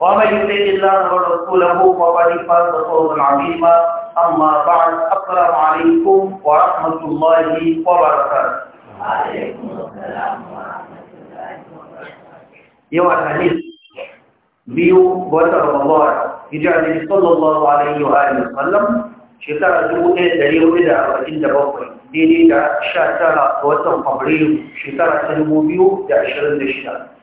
ومن يطع الله ورسوله فقد فاز فوزا عظيما اما بعد السلام عليكم ورحمه الله وبركاته وعليكم السلام ورحمه الله وبركاته يوم الحديث بيو بوتر رمضان يجعل صلى الله عليه واله وسلم شكرا جوه دليل بدا وإن دبوكي ديني دا شاترا وتم فبريل شكرا تنمو بيو دا عشرين دشتار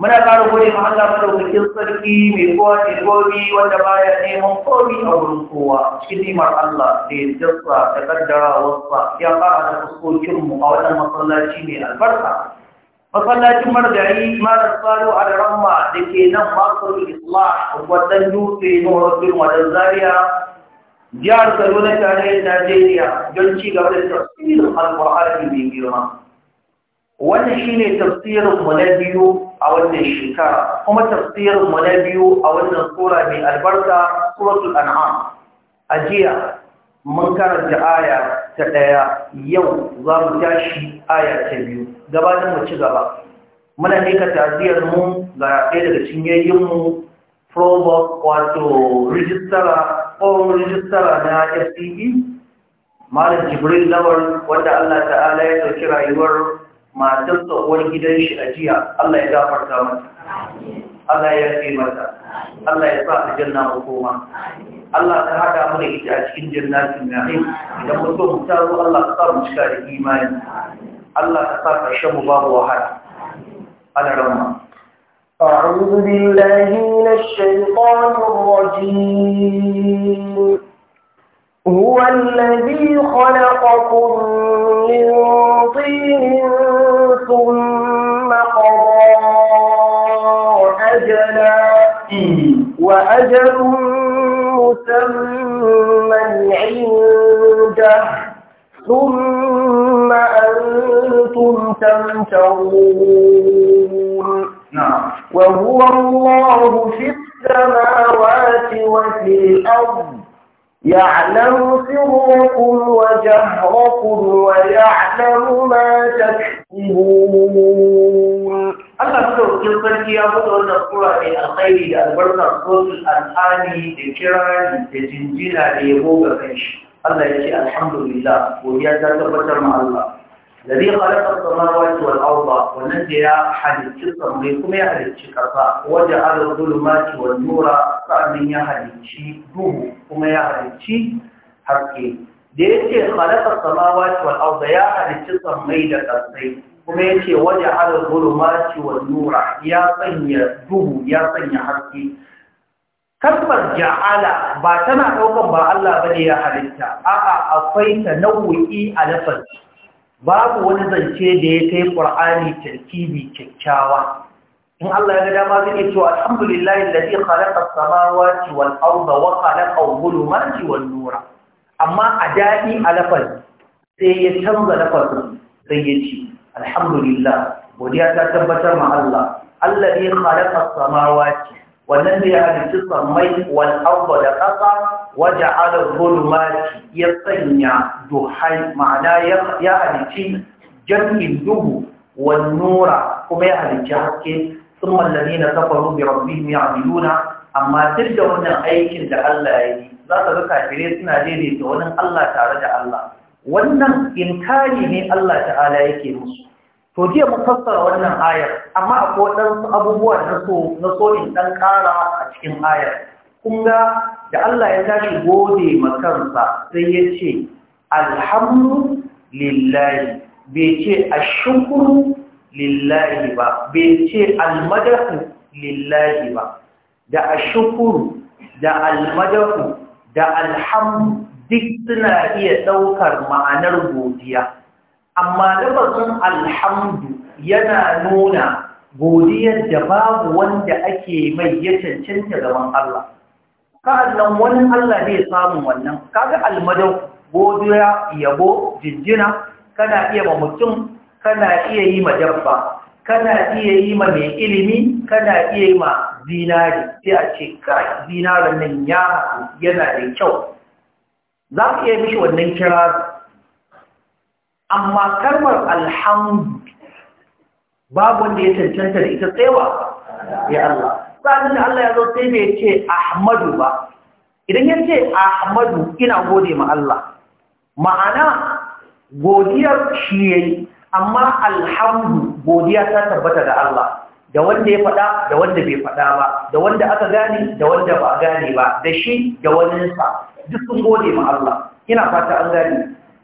muna ƙara gode ma Allah madaukakin sarki mai kowa mai gobi wanda baya neman komi a wurin kowa cikin nimar Allah da ya jasa da kaddarawarsa ya fara da mu a wannan masallaci mai albarka masallacin margari malar tsaro a da ramma da ke nan makon isla wadan dutse na wajen wadan zaria jihar kaduna tarayyar najeriya don ci gaba da tafsirin alkur'ani mai girma wannan shine tafsirin mu na biyu a wannan shekara kuma tafsirin mu biyu a wannan sura mai albarka suratul an'am a jiya mun karanta aya ta ɗaya yau za mu tashi aya ta biyu gabatar mu ci gaba muna nika taziyar mu ga ɗaya daga cinyayyun mu wato rijistara rijistara na FCE Malam Jibril Lawal wanda Allah ta'ala ya ɗauki rayuwar matar tsohuwar gidan shi a jiya Allah ya gafarta mata Allah ya fi mata Allah ya sa a janna hukuma Allah ta haɗa mana ita a cikin jannatin na'im idan mutum so mu Allah ta sa mu cika da imani Allah ta sa ƙarshen mu babu wahala ala ramma أعوذ بالله من الشيطان الرجيم هو الذي خلقكم من طين ثم قضى أجلا وأجل مسمى عنده ثم أنتم تمترون نعم. وهو الله في السماوات وفي الأرض يعلم سركم وجهركم ويعلم ما تكسبون Allah madaukakin sarki ya buɗe wannan sura ne alkhairi da albarkar sosul al'ani da kirari da jinjina da yabo ga kanshi. Allah ya ce alhamdulillah godiya ta tabbatar ma Allah. الذي خلق السماوات والأرض ونزل حديث الصمي كما يحدث كفا وجعل الظلمات والنور فأمن يحدث دوم كما يحدث حقي da ya ce halatta samawaci wal auza ya halicci sammai da ƙasai kuma ya ce waje hada zulumaci wal nura ya sanya duhu ya sanya ja'ala ba tana ɗaukan ba Allah ba ne ya halitta a'a akwai ta nau'i a lafazi babu wani zance da ya kai ƙur'ani tarkibi kyakkyawa in Allah ya ga dama zai ne cewa alhamdulillahi alladhi zai as-samawati wal arda wa khalaqa al-dhulumati wan nura amma a daɗi a lafaz sai ya canza lafazin sai ya ce alhamdulillah godiya ta tabbatar ma Allah ne khalaqa as-samawati wannan da ya halitta sammai wal da ƙasa waje ala zulumati ya sanya duhai ma'ana ya halitta jam'in duhu wal nura kuma ya halitta haske sun mallane na kafaru bi rabbihim ya'maluna amma duk da wannan aikin da Allah ya yi za ka ga kafirai suna daidaita wani Allah tare da Allah wannan inkari ne Allah ta'ala yake musu to jiya mun fassara wannan ayar amma akwai waɗansu abubuwa na so na so in ɗan ƙara a cikin ayar kun ga da Allah ya tashi gode ma kansa sai ya ce alhamdu lillahi bai ce ashukuru lillahi ba bai ce almadahu lillahi ba da ashukuru da almadahu da alhamdu duk suna iya ɗaukar ma'anar godiya amma lafazin alhamdu yana nuna godiyar da babu wanda ake mai ya cancanta gaban Allah nan wani Allah zai samu wannan kaga almadau godiya yabo jinjina kana iya ma mutum kana iya yi ma dabba kana iya yi ma mai ilimi kana iya yi ma zinari sai a ce ka zinarin nan ya yana da kyau za ka iya mishi wannan kira amma kalmar alhamdu babu wanda ya cancanta da ita tsewa ya Allah sa'adun da Allah ya zo sai bai ce ahmadu ba idan ya ce ahmadu ina gode ma Allah ma'ana godiyar shi yayi amma alhamdu godiya ta tabbata da Allah da wanda ya faɗa da wanda bai faɗa ba da wanda aka gane da wanda ba gane ba da shi da waninsa duk sun gode ma Allah ina fata an gane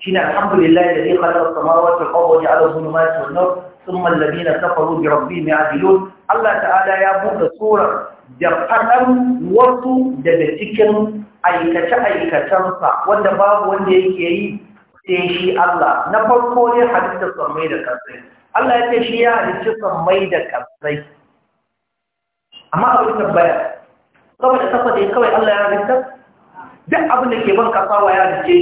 shine alhamdulillahi da zai kalla samawar alƙawo ya ala zunu ma su nur sun mallabi na safaru bi rabbi mai adilun allah ta'ala ya buɗe tsoron da faɗan wasu daga cikin aikace-aikacensa wanda babu wanda yake yi sai shi allah na farko ne halitta samai da kansai allah ya ce shi ya halitta samai da kansai amma abin tambaya saboda safa da kawai allah ya halitta duk abin da ke ban kasawa ya rike shi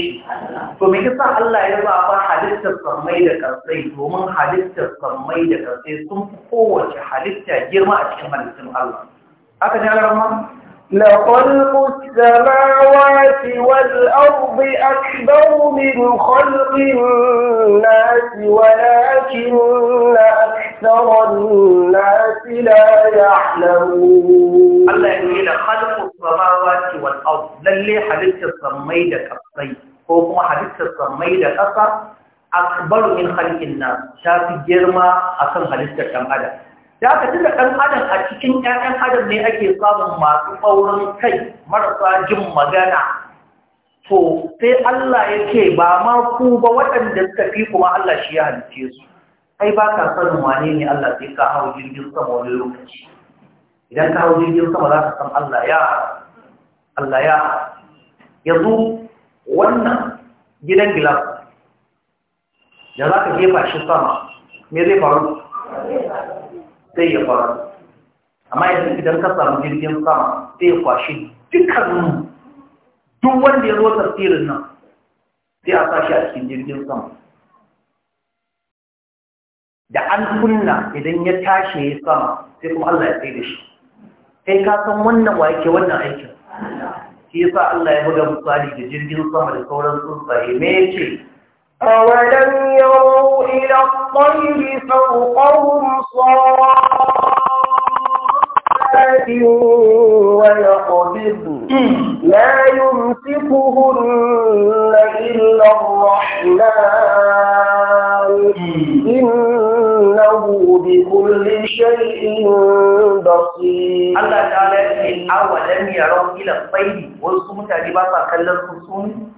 to me yasa Allah ya ba halittar sammai da karsai domin halittar sammai da karsai sun fi kowace halitta girma a cikin halittun Allah aka ne Allah لخلق السماوات والأرض أكبر من خلق الناس ولكن أكثر الناس لا يعلمون الله يقول خلق السماوات والأرض للي حدث السمي لكسي هو حدث السمي لكسر أكبر من خلق الناس شاف جرما أصلا حدث كم أدب da aka tuna ɗan adam a cikin ƴaƴan adam ne ake samun masu tsaurin kai marasa jin magana to sai Allah yake ba ma ku ba waɗanda suka fi kuma Allah shi ya halice su ai ba ka sanin wane ne Allah sai ka hau jirgin sama wani lokaci idan ka hau jirgin sama za ka san Allah ya Allah ya yanzu wannan gidan gilas da za ka jefa shi sama me zai faru sai ya fara amma yanzu idan ka samu jirgin sama zai ya kwashe dukkanin duk wanda ya zo tafsirin nan sai a sa shi a cikin jirgin sama da an kunna idan ya tashi ya sama sai kuma Allah ya sai da shi kai ka san wannan wa yake wannan aikin shi yasa Allah ya buga misali da jirgin sama da sauran tsuntsaye me yake أولم يروا إلى الطير فوقهم صافات ويقبض لا يمسكهن إلا الرحمن إنه بكل شيء بصير الله تعالى أولم يروا إلى الطير وصمت أجبات كلا الخصوم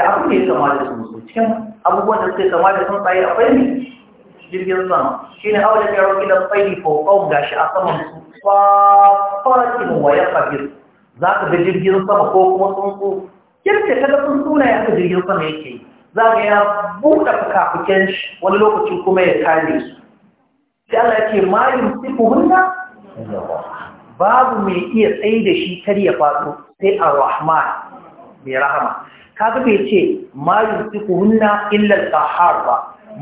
da abin da ya da su cikin abubuwan da suke kama da tsaye akwai ne jirgin sama shi ne awon da ya roƙi da tsayi ga shi a saman su fafarakin wayar fabir za ka ga jirgin sama ko kuma tsuntsu yadda ta ga suna ya yadda jirgin sama yake za ka ya buɗe fukafuken shi wani lokaci kuma ya kare su sai Allah ce ma siku hunna babu mai iya tsaye da shi kar ya faɗo sai a rahman mai rahama kaga bai ce ma yumsikuhunna illa al-qahhar ba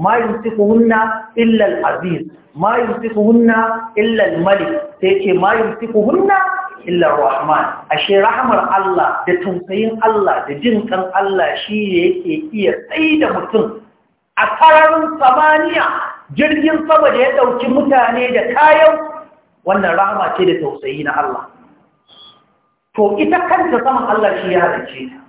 ma yumsikuhunna illa aziz ma yumsikuhunna illa al-malik sai ce ma yumsikuhunna illa ar-rahman ashe rahmar Allah da tausayin Allah da jin kan Allah shi yake iya da mutum a sararin samaniya jirgin sama da ya dauki mutane da kayan wannan rahma ce da tausayi na Allah to ita kanta saman Allah shi ya halice ta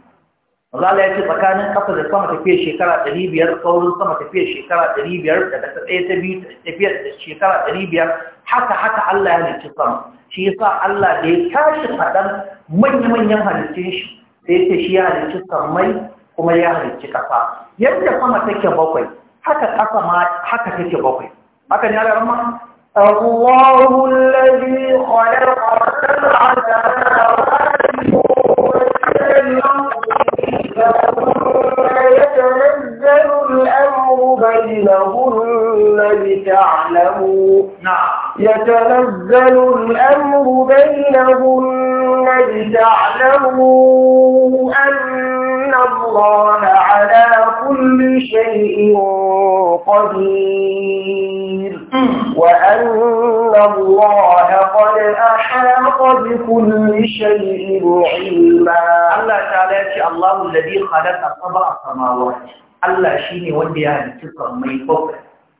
Allah ya ce tsakanin kafa da sama tafiya shekara 500 saurin sama tafiya shekara 500 daga ta tsaye ta biyu tafiya shekara 500 haka haka Allah ya halicci sama shi yasa Allah da ya tashi faɗan manya-manyan halittun shi sai ya ce shi ya halicci samai kuma ya halicci kafa yadda sama take bakwai haka kafa ma haka take bakwai haka ne Allah rahma Allahu alladhi khalaqa as-samawati لتعلموا نعم يتنزل الأمر بينهن لتعلموا أن الله على كل شيء قدير وأن الله قد أحاط بكل شيء علما الله تعالى الله الذي خلق سبع سماوات Allah shi ne wanda ya halittu mai bakwai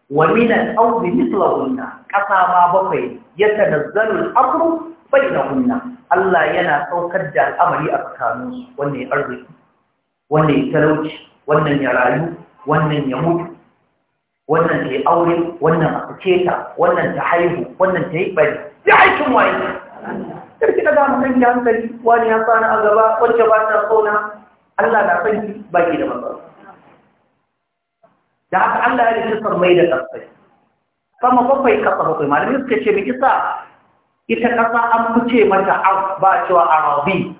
na minan ardi hunna, ƙasa ma bakwai ya tanazzalu Bai na hunna. Allah yana saukar da al'amari a tsakanin su wannan ya arziki wannan ya talauci wannan ya rayu wannan ya mutu wannan ta yi aure wannan a fice ta wannan ta haihu wannan ta yi bari ya aikin waye sarki da gama yi hankali wani ya tsana a gaba wacce ba ta tsona Allah na sanki baki da matsala da haka Allah ya sar Mai da ƙasai sama bakwai kasa bakwai malamin suka ce mai isa ita ƙasa an fice mata a, ba cewa arabi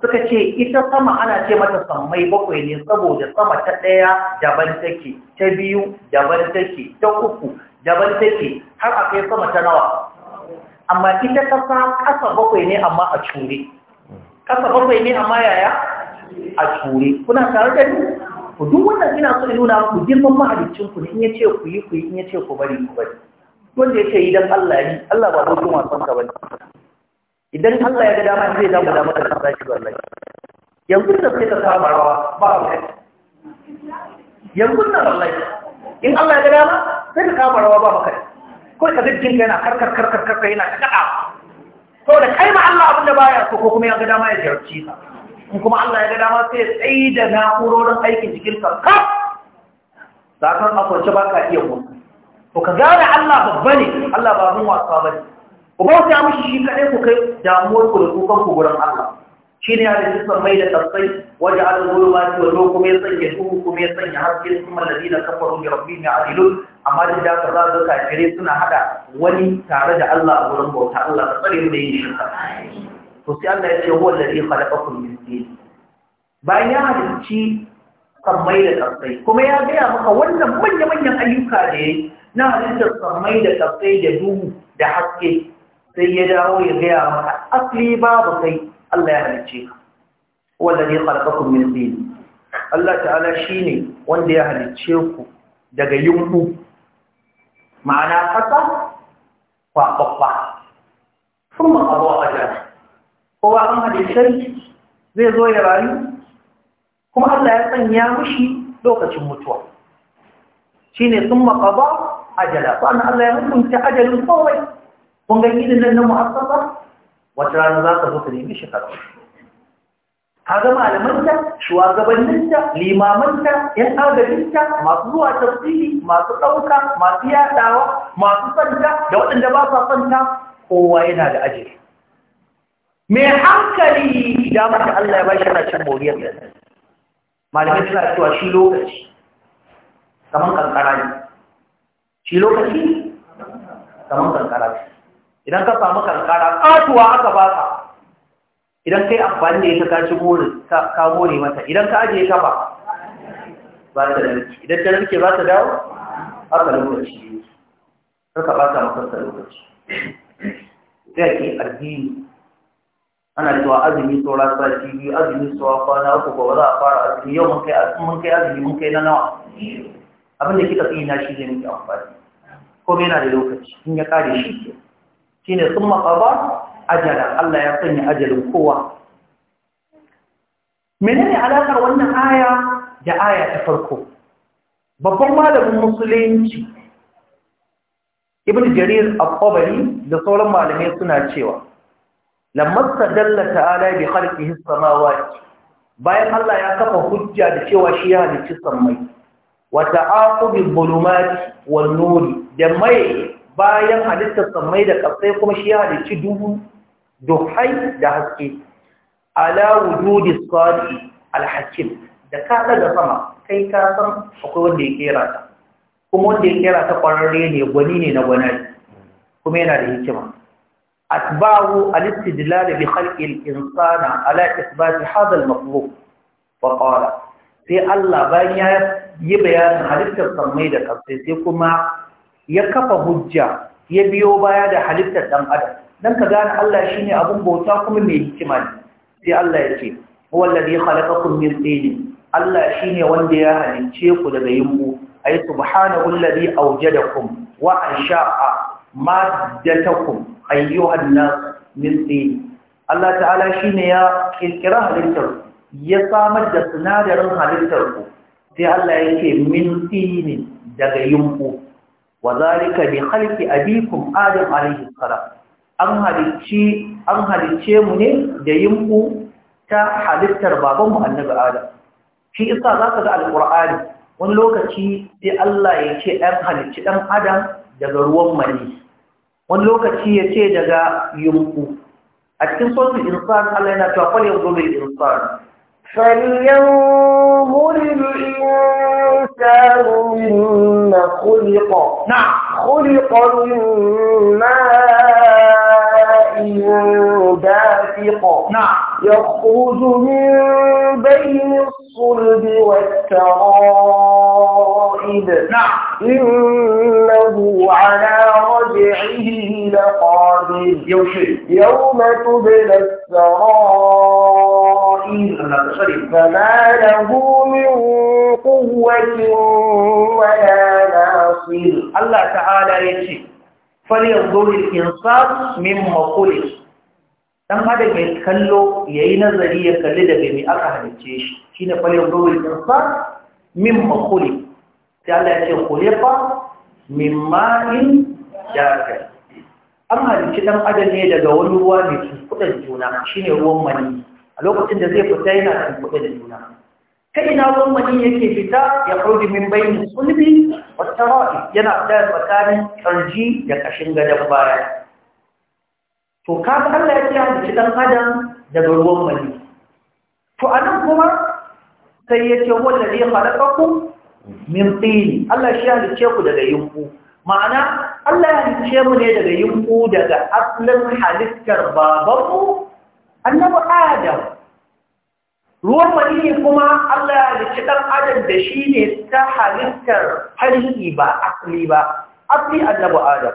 suka ce ita sama ana ce mata sammai bakwai ne saboda sama ta ɗaya daban take ta biyu daban take ta uku daban take har a kai sama ta nawa amma ita ƙasa ƙasa bakwai ne amma a cure ƙasa bakwai ne amma yaya a cure kuna tare da ni ku duk wannan ina so in nuna muku girman mahaliccin ku ne in yace ku yi ku yi in yace ku bari ku bari wanda yace yi dan Allah yi, Allah ba kuma wasan ka bane idan Allah ya ga dama zai damu da maka da zaki wallahi yanzu da sai ka saba rawa ba ka yanzu na wallahi in Allah ya ga dama sai ka saba rawa ba maka ko ka gajin ka yana karkar karkar karkar yana ka kada da kai ma Allah abinda baya so ko kuma ya ga dama ya jarci ka in kuma Allah ya ga dama sai ya tsayi da na'urorin aikin jikin ka kaf sakon ba ka iya mu to ka gane Allah babba ne Allah ba mun wasa bane ku ya mushi shi kaɗai ku kai damuwar ku da kukan ku gurin Allah shi ne a jikin mai da tafsai waje a da zuwa mafi wato kuma ya sanya duhu kuma ya sanya haske sun mallari da kafarun da rabbi ne a amma duk da aka zaga kafirai suna haɗa wani tare da Allah a wurin bauta Allah ta tsare mu da yin shirka to sai Allah ya ce huwa alladhi khalaqakum min tin bayan ya halicci sammai da tsafai kuma ya gaya maka wannan manya manyan ayyuka da yayi na halittar sammai da tsafai da duhu da haske sai ya dawo ya gaya maka asli babu kai Allah ya halicce ka huwa alladhi khalaqakum min tin Allah ta'ala shine wanda ya halicce ku daga yunku ma'ana kasa kwakwakwa sun makaruwa a jami'a kowa an halittar zai zo ya rayu kuma Allah ya sanya mushi lokacin mutuwa shi ne sun maƙaba ajala ba na Allah ya hukunta ajalin kawai kun ga nan na mu'assasa wata rana za ka zo ka nemi shi karatu ka ga malamanta shugabanninta limamanta yan agajinta masu zuwa tafsiri masu ɗauka masu yaɗawa masu santa da waɗanda ba sa santa kowa yana da ajiyar mai hankali da da Allah ya bashi yana cin moriyar da malamai suna cewa shi lokaci kamar kankara ne shi lokaci kamar kankara ne idan ka samu kankara katuwa aka baka idan kai amfani da ita ka gori ka gori mata idan ka ajiye ka ba ba ta narki idan ta narke ba ta dawo aka lokaci ne ka ba ta makarta lokaci Zai ake addini ana cewa azumi saura sati biyu azumi saura kwana uku ba za a fara azumi yau mun kai mun kai azumi mun kai na nawa abin da kika tsina shi zai miki amfani ko yana da lokaci in ya kare shi ke Shi ne sun ba? ajala Allah ya sanya ajalin kowa menene alakar wannan aya da aya ta farko babban malamin musulunci ibn jarir al-qabari da sauran malamai suna cewa lamma sadalla ta'ala bi khalqihi samawati bayan Allah ya kafa hujja da cewa shi ya halicci samai, wa ta'aqubi dhulumati wan nuri da mai bayan halittar samai da kasai kuma shi ya halicci duhu duhai da haske ala wujudi sadi alhakim da ka daga sama kai ka san akwai wanda ya kera ta kuma wanda ya kera ta kwararre ne gwani ne na gwanari kuma yana da hikima أتباعه الاستدلال بخلق الإنسان على إثبات هذا المطلوب فقال sai Allah bayan ya yi bayanin halittar sammai da ƙasai sai kuma ya kafa hujja ya biyo baya da halittar ɗan adam don gane Allah shine ne abin bauta kuma mai hikima sai Allah ya ce wallabi khalaqakum min tin Allah shine wanda ya halince ku daga yimbu ay subhanahu alladhi awjadakum wa ansha'a maddatakum ayyuhan nas min tin Allah ta'ala shine ya kirkira halittar ya samar da sinadarin halittar ku sai Allah yake min tin daga yunku wa zalika bi khalqi abikum adam alayhi salam an halicci an halicce mu ne da yunku ta halittar babanmu annabi adam shi isa zaka ga alqur'ani wani lokaci sai Allah ya ce halicci ɗan adam daga ruwan mali. wani lokaci ya ce daga yunku a cikin sosu insan Allah yana tafa ne zo mai insan. Fariyan hulil insan na kuliko, na دافق نعم يخرج من بين الصلب والترائب نعم إنه على رجعه لقادر يوم تبلى السرائر فما له من قوة ولا ناصر الله تعالى يشهد falyanzur al-insan mimma khuliq dan hada mai kallo yayi nazari ya kalli da me aka halice shi shine falyanzur al-insan mimma khuliq sai Allah ya ce khuliqa mimma in jaka an halice dan adam ne daga wani ruwa mai kudan juna shine ruwan mani a lokacin da zai fita yana kudan juna ta ina gwamnati yake fita ya kauji min bayin sulbi wata ra'i yana da tsakanin karji da ƙashin gadon baya to kaga Allah ya ce ya ci dan adam daga ruwan mali. to anan kuma sai ya ce wanda zai halakaku min tsini Allah shi ya halice ku daga yunku ma'ana Allah ya halice mu ne daga yunku daga asalin halittar babanmu annabi Adam ruwan madini kuma Allah ya halicci ɗan adam da shi ne ta halittar halihi ba asali ba asali annabi adam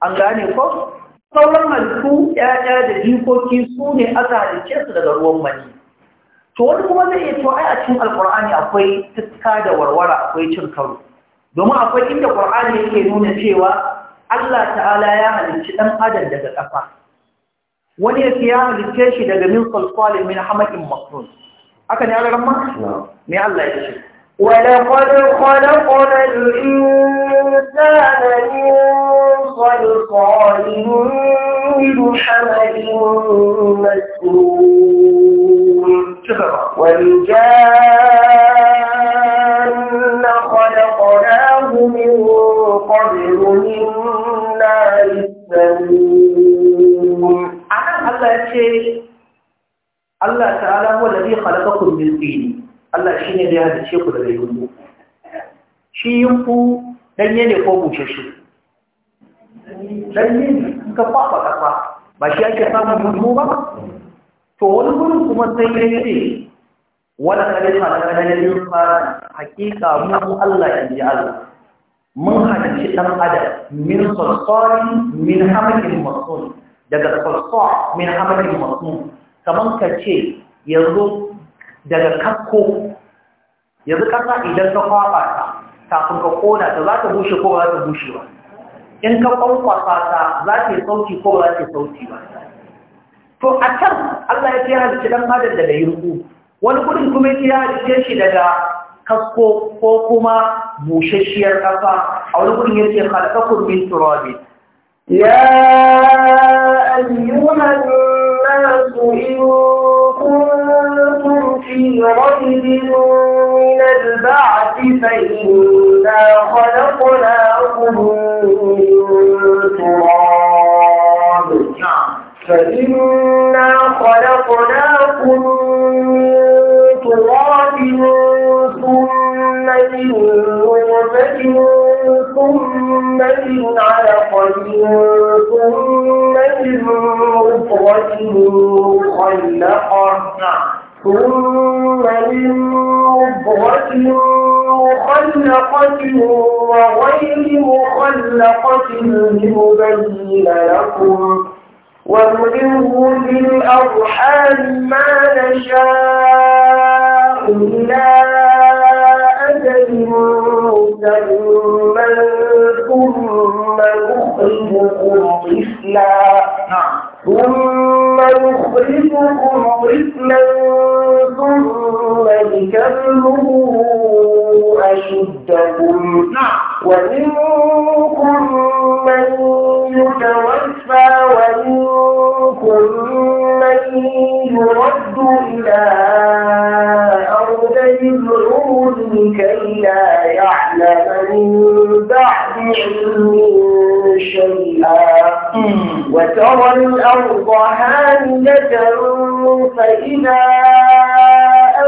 an gane ko sauran halittu ƴaƴa da jikoki su ne aka halicce su daga ruwan madini to wani kuma zai iya to ai a cikin alkur'ani akwai tuska da warwara akwai cin karo domin akwai inda qur'ani yake nuna cewa Allah ta'ala ya halicci ɗan adam daga ƙafa wani ya halicce shi daga min salsalin min hamakin maknun haka ne ala ramma me Allah ya ولقد خلقنا الإنسان من صلصال من حمل مسنون والجان خلقناه من قبل من نار السموم أنا هلا Allah ta'ala huwa alladhi khalaqakum min tin Allah shine da ya halice ku daga yunku shi yunku danye ne ko bushe shi. danye ne ka fafa kafa ba shi ake samun yunku ba to wani gurin kuma sai ya ce wala kadai khalaqana min tin hakika mu Allah ya inji Allah mun halicci dan adam min salsali min hamakin masun daga salsal min hamakin masun kamar ka ce yanzu daga kakko yanzu ƙasa idan ka kwaɓa ta kafin ka kona ta za ta bushe ko ba za ta bushe ba in ka ƙwanƙwasa ta za ta yi sauti ko ba za ta yi sauti ba to a can Allah ya ce ya halitta ɗan adam daga yirku wani gudun kuma ya halittu shi daga kasko ko kuma bushashiyar ƙasa a wani gudun ya ce halakakun min turabi ya ne الناس إن كنتم في ريب من البعث فإنا خلقناكم من تراب نعم. فإنا خلقناكم من تراب ثم من نطفة ثم من علقة ثم من وجه مخلقة ثم من مضغة مخلقة وغير مخلقة لنبين لكم ونريه بالأرحام ما نشاء إلى أجل مسمى ثم نخرجكم طفلا نعم. ثم يخرجكم طفلا ثم لتبلغ أشدكم نعم. ومنكم من يتوفى ومنكم من يرد إلى أرض العلوم كي لا يعلم من بعد علم وترى الأرض هامدة فإذا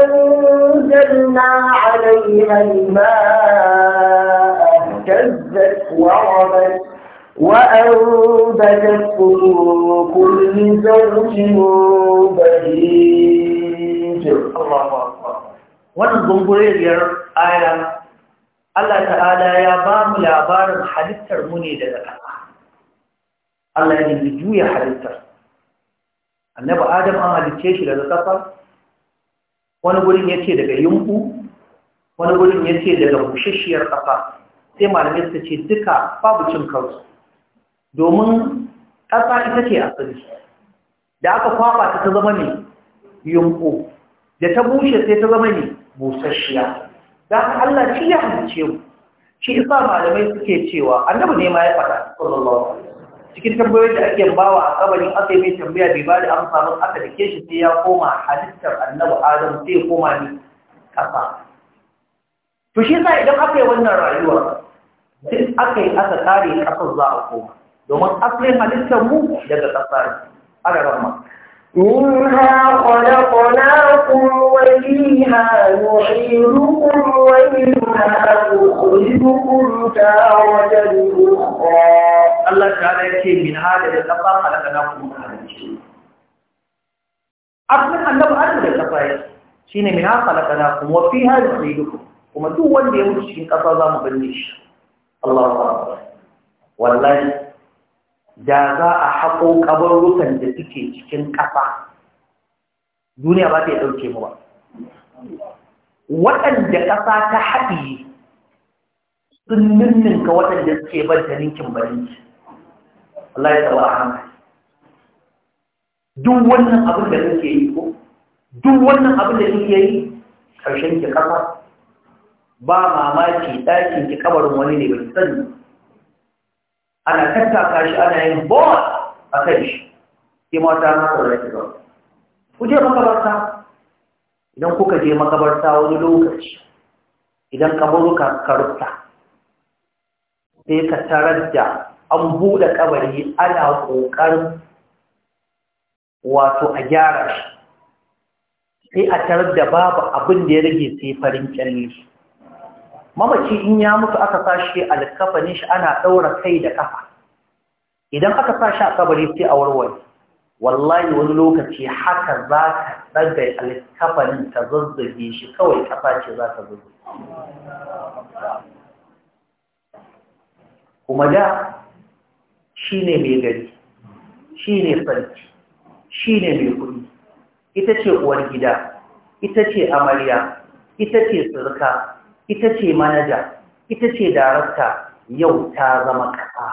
أنزلنا عليها الماء اهتزت وربت وأنبتت كل كل زوج بهيج الله أكبر وأنا آية الله تعالى يا بام لا بارد حديث ترموني لذلك Allah ya dinga juya halittar annabi adam an halicce shi daga kafa wani gurin ya ce daga yumbu wani gurin ya ce daga bushashiyar kafa sai malamai su ce duka babu cin kansu domin ƙasa ita ce asali da aka kwaba ta ta zama ne yumbu da ta bushe sai ta zama ne busashiya da Allah shi ya halicce mu shi isa malamai suke cewa annabi ne ma ya faɗa sallallahu alaihi cikin tambayoyin da ake bawa a kabarin aka yi tambaya bai ba da amsa ba aka dake shi sai ya koma halittar annabi adam sai ya koma ni kasa to shi idan aka yi wannan rayuwa sai aka yi aka kare kasar za a koma domin asalin halittar mu daga kasa ne ana ramma yi خلقناكم وفيها نعيدكم ومنها ta wajen أخرى Allah ta'ala yake min hada da safa halaka na kuma halicce asalin annabi Adam da safa yake shine min hada halaka na kuma wa fiha ku. kuma duk wanda ya mutu cikin kasa za mu binne shi Allahu akbar wallahi da za a haƙo kabarukan da suke cikin kasa duniya ba ta dauke mu ba waɗanda ƙasa ta haɗiye sun ninninka waɗanda suke bar da ninkin barinki Allah ya taba hankali duk wannan abin da kake yi ko duk wannan abin da kake yi karshen ki kafa ba mamaki ɗakin ki kabarin wani ne bai sani ana tattaka shi ana yin bot a kan shi ke mata na tsoron ki zaune ku je makabarta idan kuka je makabarta wani lokaci idan kabaruka ka rufta sai ka tarar da an buɗe ƙabari ana ƙoƙarin wato a gyara shi sai a tarar da babu abin da ya rage sai farin kyalle mamaci in ya mutu aka sa shi alkafanin shi ana ɗaura kai da ƙafa idan aka sa shi a ƙabari sai a warware wallahi wani lokaci haka za ka ɗaga alkafanin ta zazzage shi kawai ƙafa ce za ta zazzage kuma da shi ne mai gari shi ne sarki shi ne mai kuɗi ita ce uwar gida ita ce amarya ita ce surka ita ce manaja ita ce darasta yau ta zama ƙasa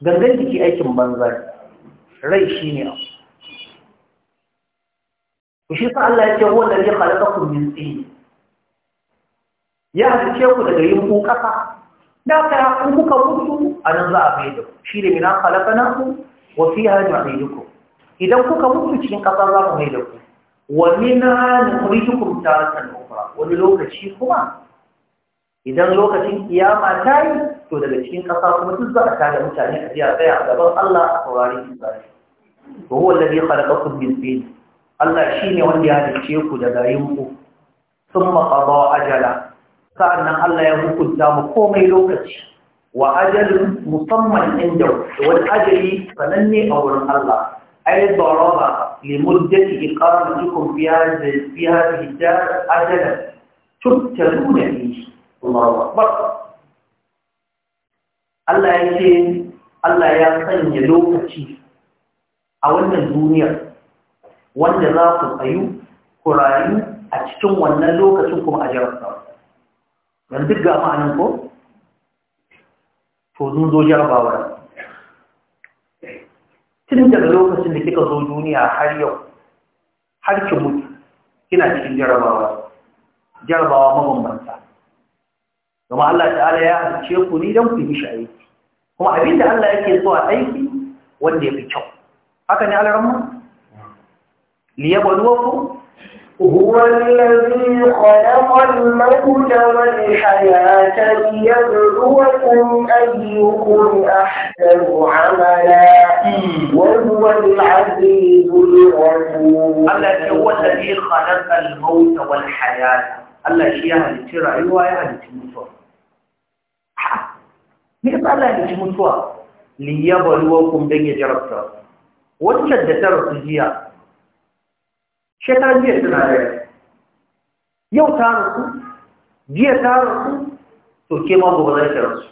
gangan jiki aikin banzar, rai shi ne abu shi sa Allah ya ce wannan ya halaka kun min tsini ya halice ku daga yin ku ƙasa da haka in kuka mutu a nan za a mai da ku shi da mina halakanaku wa fi hajji mai da ku idan kuka mutu cikin ƙasa za mu mai da ku wa mina nukuritukum taratan ukhra wani lokaci kuma idan lokacin kiyama ta yi to daga cikin ƙasa kuma duk za a tada mutane a jiya tsaya a gaban Allah a saurari hisabi wa huwa zai khalaqakum min tin Allah shine wanda ya halicce ku daga yinku thumma qada ajala sa'annan Allah ya hukunta mu komai lokaci wa ajalin musamman inda wani ajali sananne a wurin Allah ai daraba limuddati iqamatikum fi hadhihi fi hadhihi dar ajalan tuttaluna fihi Allahu akbar Allah yake Allah ya sanya lokaci a wannan duniyar wanda za ku tsayu ku rayu a cikin wannan lokacin kuma a jarabta yanzu duk ga ma'anin ko to zun zo jarabawar tun daga lokacin da kika zo duniya har yau har ki mutu kina cikin jarabawa jarabawa mabambanta kuma Allah ta'ala ya hace ku ni dan ku yi shi aiki kuma abinda Allah yake so a aiki wanda ya fi kyau haka ne alaramma ku هو الذي خلق الموت والحياة ليبلوكم أيكم أحسن عملا وهو العزيز الغفور الذي هو الذي خلق الموت والحياة الله شيء هلتي رأيوه هلتي مطور ليس الله هلتي مطور ليبلوكم بين جربتر وانشد ترى تجيه shekaran jiya suna da yau ta rasu jiya ta rasu to ke ma gobe zai rasu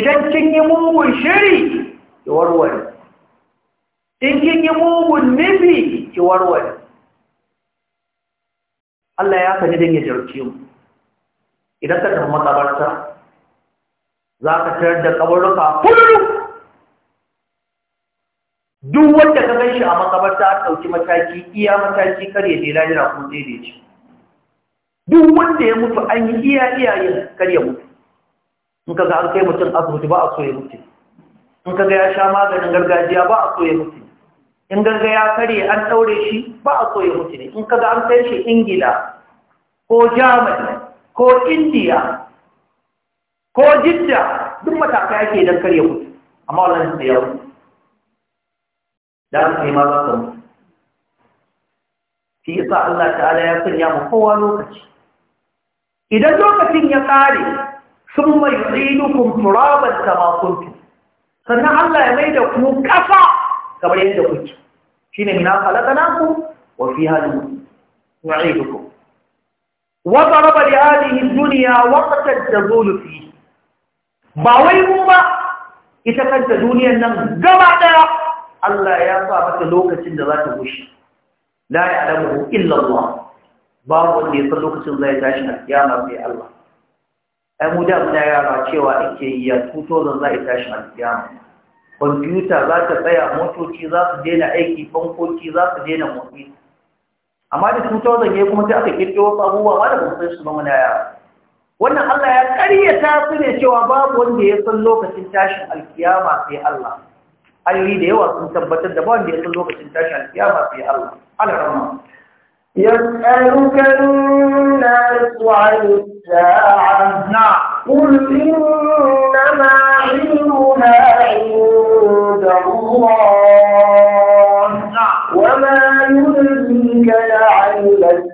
idan kin yi mugun shiri ki warware in kin yi mugun nufi ki warware Allah ya faɗi don ya jarce mu idan ka tafi makabarta za ka tarar da kabaruka kullum duk wanda ka gan shi a makabarta an ɗauki mataki iya mataki ya da lahira ko sai da ci duk wanda ya mutu an yi iya iyayen karya mutu in ka ga an kai mutum asibiti ba a so ya mutu in ka ga ya sha maganin gargajiya ba a so ya mutu in ga ya karye an ɗaure shi ba a so ya mutu ne in ka ga an kai shi ingila ko germany ko indiya ko jidda duk matakai ake don karya mutu amma wannan da ya mutu dan haka kai ma shi yasa Allah ta'ala ya sanya mu kowa lokaci idan lokacin ya kare sun mai tsinukum turaban kama kuntum sannan Allah ya mai da ku kasa kamar yadda kuke shine mina khalaqnakum wa fiha nu'idukum wa daraba li hadhihi ad-dunya waqtan tazulu fihi ba wai mu ba ita kanta duniyar nan gaba daya Allah ya sa mata lokacin da za ta gushe la ya'lamu illa Allah babu wanda ya san lokacin zai tashi a kiyama sai Allah ai mu da muna yara cewa ake yi ya tuto zan zai tashi a kiyama kwamfuta za ta tsaya motoci za su daina aiki fankoki za su daina motsi amma da 2000 ya kuma sai aka kirkiro wasu abubuwa ma da kusan su ba muna yara wannan Allah ya karyata su ne cewa babu wanda ya san lokacin tashin alkiyama sai Allah ayoyi da yawa sun tabbatar da ba wanda ya san lokacin tashi alkiyama sai Allah alrahman يسألك الناس عن الساعة قل إنما علمها عند الله وما يدريك لعل الساعة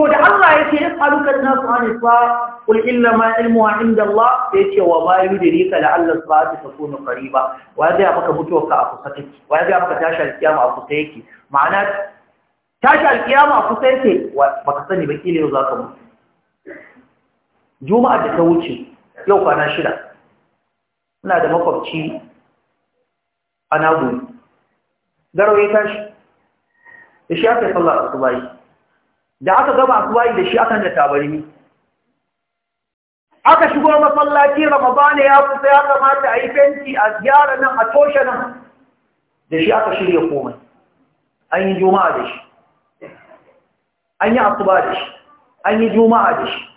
to da Allah yake ya faru kan nasu an fa kul illa ma ilmu inda Allah ya ce wa ma yudrika la Allah su ba subhanahu takunu qariba wa ya zai maka mutuwa ka a kusa take wa ya zai maka tashi alkiyama a kusa yake ma'ana tashi alkiyama a kusa yake baka sani ba kile yau za ka mutu juma'a da ta wuce yau kwana shida ina da makwabci a nagori garo ya tashi ya shi aka yi sallah a subayi da aka gaba su wayi da shi akan da tabarmi aka shigo masallaci ramadana ya kusa ya kamata a yi fenti a ziyara nan a toshe nan da shi aka shirya komai an yi juma'a da shi an yi asuba da shi an yi juma'a da shi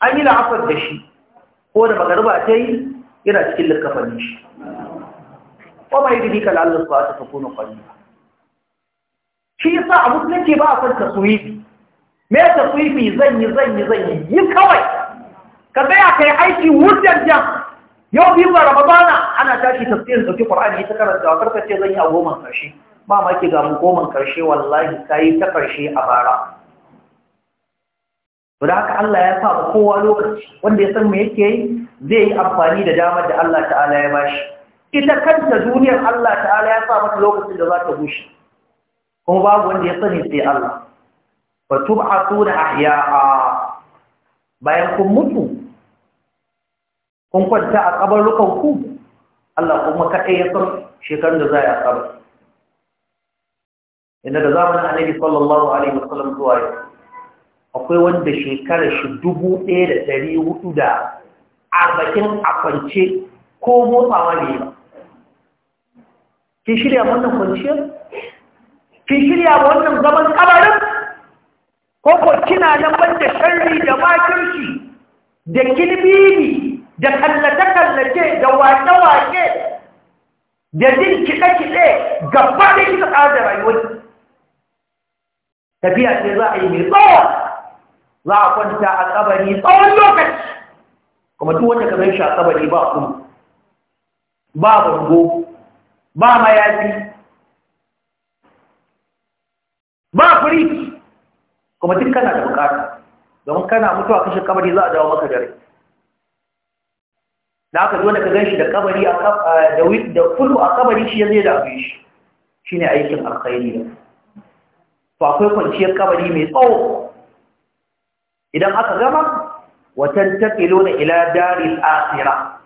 an yi la'afar da shi ko da magarba ta yi yana cikin likafanin shi ko mai dubi kalalin su ba ta tafi na kwanye shi sa a musulunci ba a san taswifi me taswifi zan yi zan yi zan yi yi kawai ka tsaya yi aiki wutar jan yau biyu ba ramadana ana tashi tafsirin dauki qur'ani ita karanta wa karka ce zan yi a goman karshe ba ma ki ga mu goman karshe wallahi yi ta karshe a bara to da haka Allah ya sa kowa lokaci wanda ya san me yake yi zai yi amfani da damar da Allah ta'ala ya bashi ita kanta duniyar Allah ta'ala ya sa mata lokacin da za ta bushe kuma babu wanda ya sani sai Allah fa tub'atuna ahya'a bayan kun mutu kun kwanta a kabarukan ku Allah kuma kaɗai ya san shekarun da za a kabar inda da zamanin annabi sallallahu alaihi wasallam zuwa yau akwai wanda shekarar shi dubu ɗaya da ɗari hudu da arba'in a kwance ko motsawa ne ba ki shirya wannan kwanciyar ki shirya wa wannan zaman kabarin ko ko kina nan banda sharri da shi da kilbibi da kallata kallace da wake-wake da jin kiɗe-kiɗe gaba da kika tsada rayuwar tafiya ce za a yi mai tsawo za a kwanta a kabari tsawon lokaci kuma duk wanda ka zai shi a ba kuma ba bango ba mayafi ba free kuma duk kana da bukata domin kana mutuwa kashe kabari za a dawo maka dare da aka zo da ka gan shi da kabari da kudu a kabari shi ya zai da abu shi shi ne aikin alkhairi ne. to akwai kwanciyar kabari mai tsawo idan aka gama watan taƙilo na ila daril asira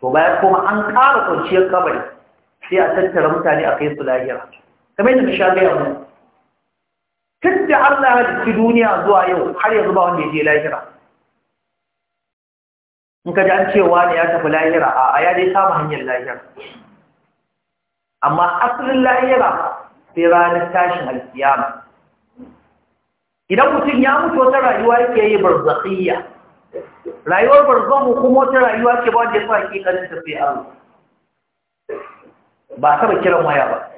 to bayan kuma an ƙara kwanciyar kabari sai a tattara mutane a kai su lahira kamar yadda sha gaya mu tun da Allah ya ci duniya zuwa yau har yanzu ba wanda ya je lahira in ka ji an cewa ne ya tafi lahira a ya dai samu hanyar lahira amma asalin lahira sai ranar tashin alkiyama idan mutum ya mutu wata rayuwa yake yi barzakhiyya rayuwar barzahu kuma wata rayuwa ce ba wanda ya sa hakikanin tafiya ba taba kiran waya ba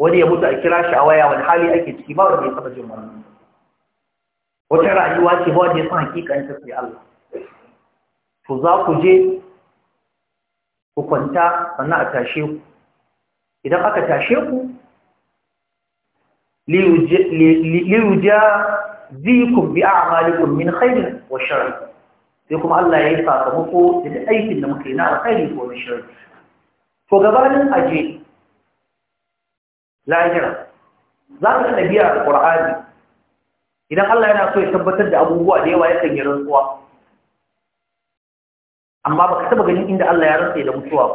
wani ya mutu a kira shi a waya wani hali ake ciki ba wanda ya saba jin wannan wata rayuwa ce ba wanda ya san hakikan ta sai Allah to za ku je ku kwanta sannan a tashe ku idan aka tashe ku liyuja zikun bi a'malikum min khairin wa sharri sai kuma Allah ya yi sakamako da aikin da yi na alkhairi ko na sharri to gabanin aje lahira za ka da biya alqur'ani idan Allah yana so ya tabbatar da abubuwa da yawa yakan yi rantsuwa amma ba ka taba ganin inda Allah ya rantsa da mutuwa ba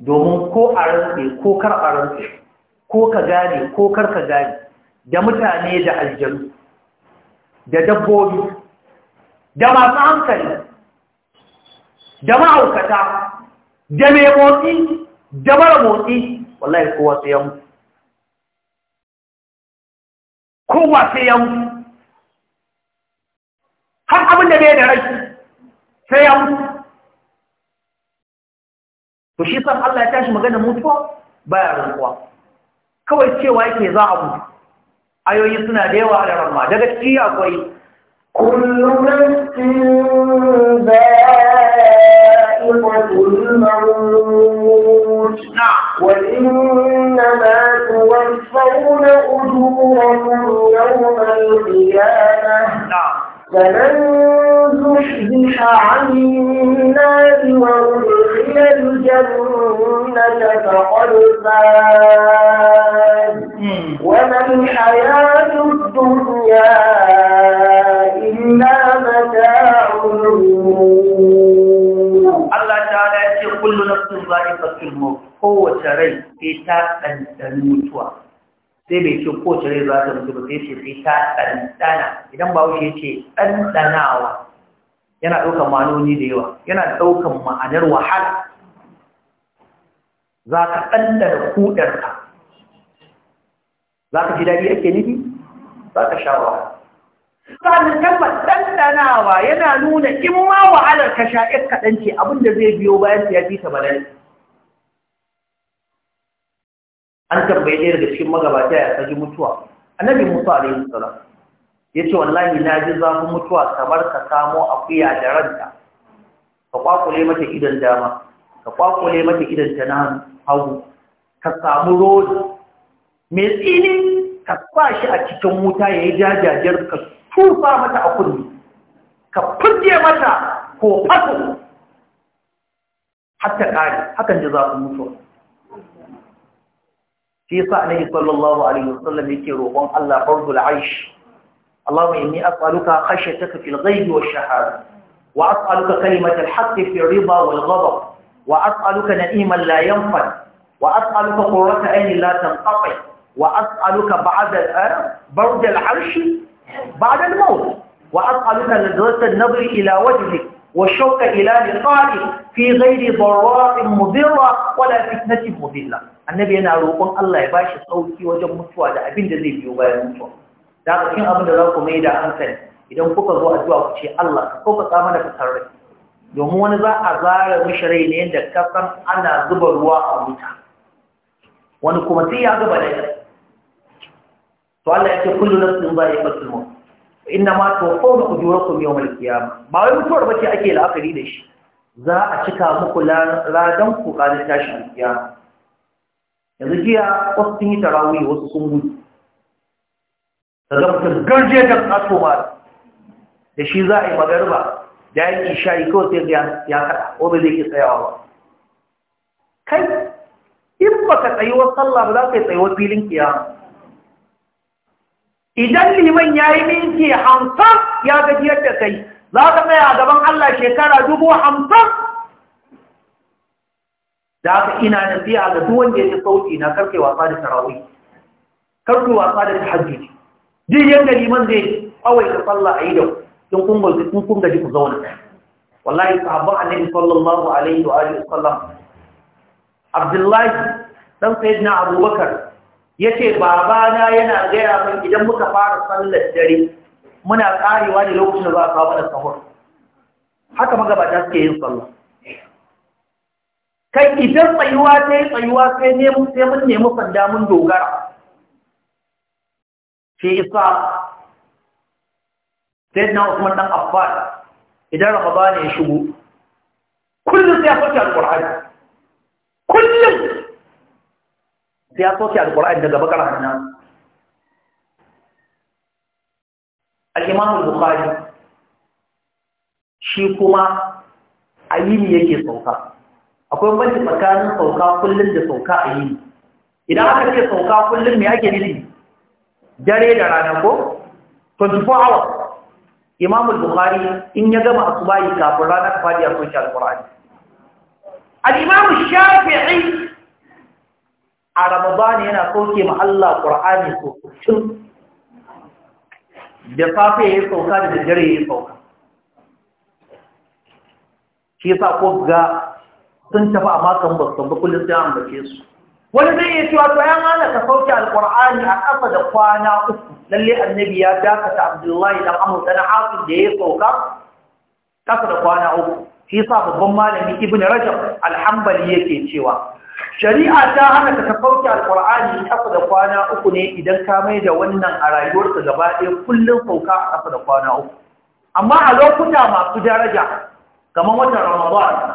domin ko a rantsa ko kar a rantsa ko ka gane ko kar ka gane da mutane da aljanu da dabbobi da masu hankali da ma'aukata da mai motsi da mara motsi wallahi kowa sai ya mutu kowa sai ya mutu har abin da bai da rai sai ya mutu to shi san Allah ya tashi magana mutuwa baya rantsuwa kawai cewa yake za a mutu ayoyi suna da yawa da ramma daga ciki akwai kullu nafsin ba'iqatul maut na وإنما توفون أجوركم يوم القيامة نعم. فمن زحزح عن النار وأدخل الجنة فقد فاز وما الحياة الدنيا إلا متاع الله تعالى يقول كل نفس ذائقة الموت kowace rai sai ta ɗanɗani mutuwa sai bai ce kowace rai za ta mutu ba sai ce sai ta ɗanɗana idan ba wuce ce ɗanɗanawa yana ɗaukan ma'anoni da yawa yana ɗaukan ma'anar wahala za ka ɗanɗana kuɗarka za ka ji daɗi ake nufi za ka sha wahala sannan tabbas ɗanɗanawa yana nuna in ma wahalar ka sha ɗan kaɗan ce abinda zai biyo bayan ya fi ta balai an tambaye ɗaya daga cikin magabata ya saki mutuwa annabi musa alaihi salam ya ce wallahi na ji zafin mutuwa kamar ka samo akuya da ranta ka kwakule mata idan dama ka kwakule mata idan ta na hagu ka samu rodi mai tsini ka sa shi a cikin wuta ya yi jajajar ka tufa mata a kulli ka fuje mata ko fasu hatta ƙari hakan ji zafin mutuwa في صحنه صلى الله عليه وسلم يكيروه الله قرض العيش اللهم إني أسألك خشيتك في الغيب والشهادة وأسألك كلمة الحق في الرضا والغضب وأسألك نئيما لا ينفد وأسألك قرة أين لا تنقطع وأسألك بعد آه، برد العرش بعد الموت وأسألك لذرة النظر إلى وجهك والشوق إلى لقائه في غير ضراء مضرة ولا فتنة مضلة النبي أنا روقون الله يباشي صوتي وجب متوى ده أبين ده زي يبايا متوى ده أكين أبن الله كميدا أنسان إذا كوكا زوء أدواء كشي الله كوكا تامنا فترك domin wani za a zara mishirai ne da kasan ana zuba ruwa a wuta wani kuma sai ya gaba da to Allah ya ce kullu nafsin za'iqatul maut inna ma tawfawna ujurakum yawm al-qiyamah ba wai mutuwar bace ake la'akari da shi za a cika muku ladan ku ranar tashi alkiyama yanzu jiya wasu sun yi tarawih wasu sun gudu daga mutum garje da kaso ba da shi za a yi magarba da ya yi shayi kawai sai ya kaɗa ko ba zai ke tsayawa ba kai in ba ka tsayuwar sallah ba za ka yi tsayuwar filin kiyama idan liman ya yi minti hamsin ya gajiyar da kai za ka tsaya a gaban Allah shekara dubu hamsin da aka ina nasiha ga duk wanda ya ji sauti na karfe wasa da tarawih karfe wasa da tahajjud duk yanda liman zai kawai ka sallah a yi da kun kun kun kun gaji ku zauna wallahi sahabban annabi sallallahu alaihi wa alihi wasallam abdullahi dan sayyidina abubakar ya ce babana yana gaya min idan muka fara sallar dare muna karewa ne lokacin da za a kawo da sahur haka magabata suke yin sallah kai idan tsayuwa ta yi tsayuwa sai mun nemi sanda mun dogara shi isa sai na usman dan affan idan ne ya shigo kullum sai ya fata alƙur'ani kullum sai ya soke alƙur'ani daga bakar hannun al'imamun bukari shi kuma a yini yake sauka akwai wani tsakanin sauka kullum da sauka a yini idan aka ce sauka kullum mai ake nufi dare da rana ko 24 hours imamul bukari in ya gama bayi kafin ranar ta fadi a social qur'ani al shafi'i a ramadan yana sauke ma Allah qur'ani so tun da safe ya sauka da dare ya sauka shi yasa ko ga sun tafi a makon ba san ba kullum sai an bace su wani zai iya cewa to yan hana ka sauke alqur'ani a ƙasa da kwana uku lalle annabi ya dakata abdullahi dan amr dan hakim da ya sauka ƙasa da kwana uku shi sa babban malami Ibn rajab alhambali yake cewa shari'a ta hana ka tafauki alkur'ani kafa da kwana uku ne idan ka mai da wannan a rayuwarsa gaba ɗaya kullum sauka a kafa da kwana uku amma a lokuta masu daraja kamar watan ramadan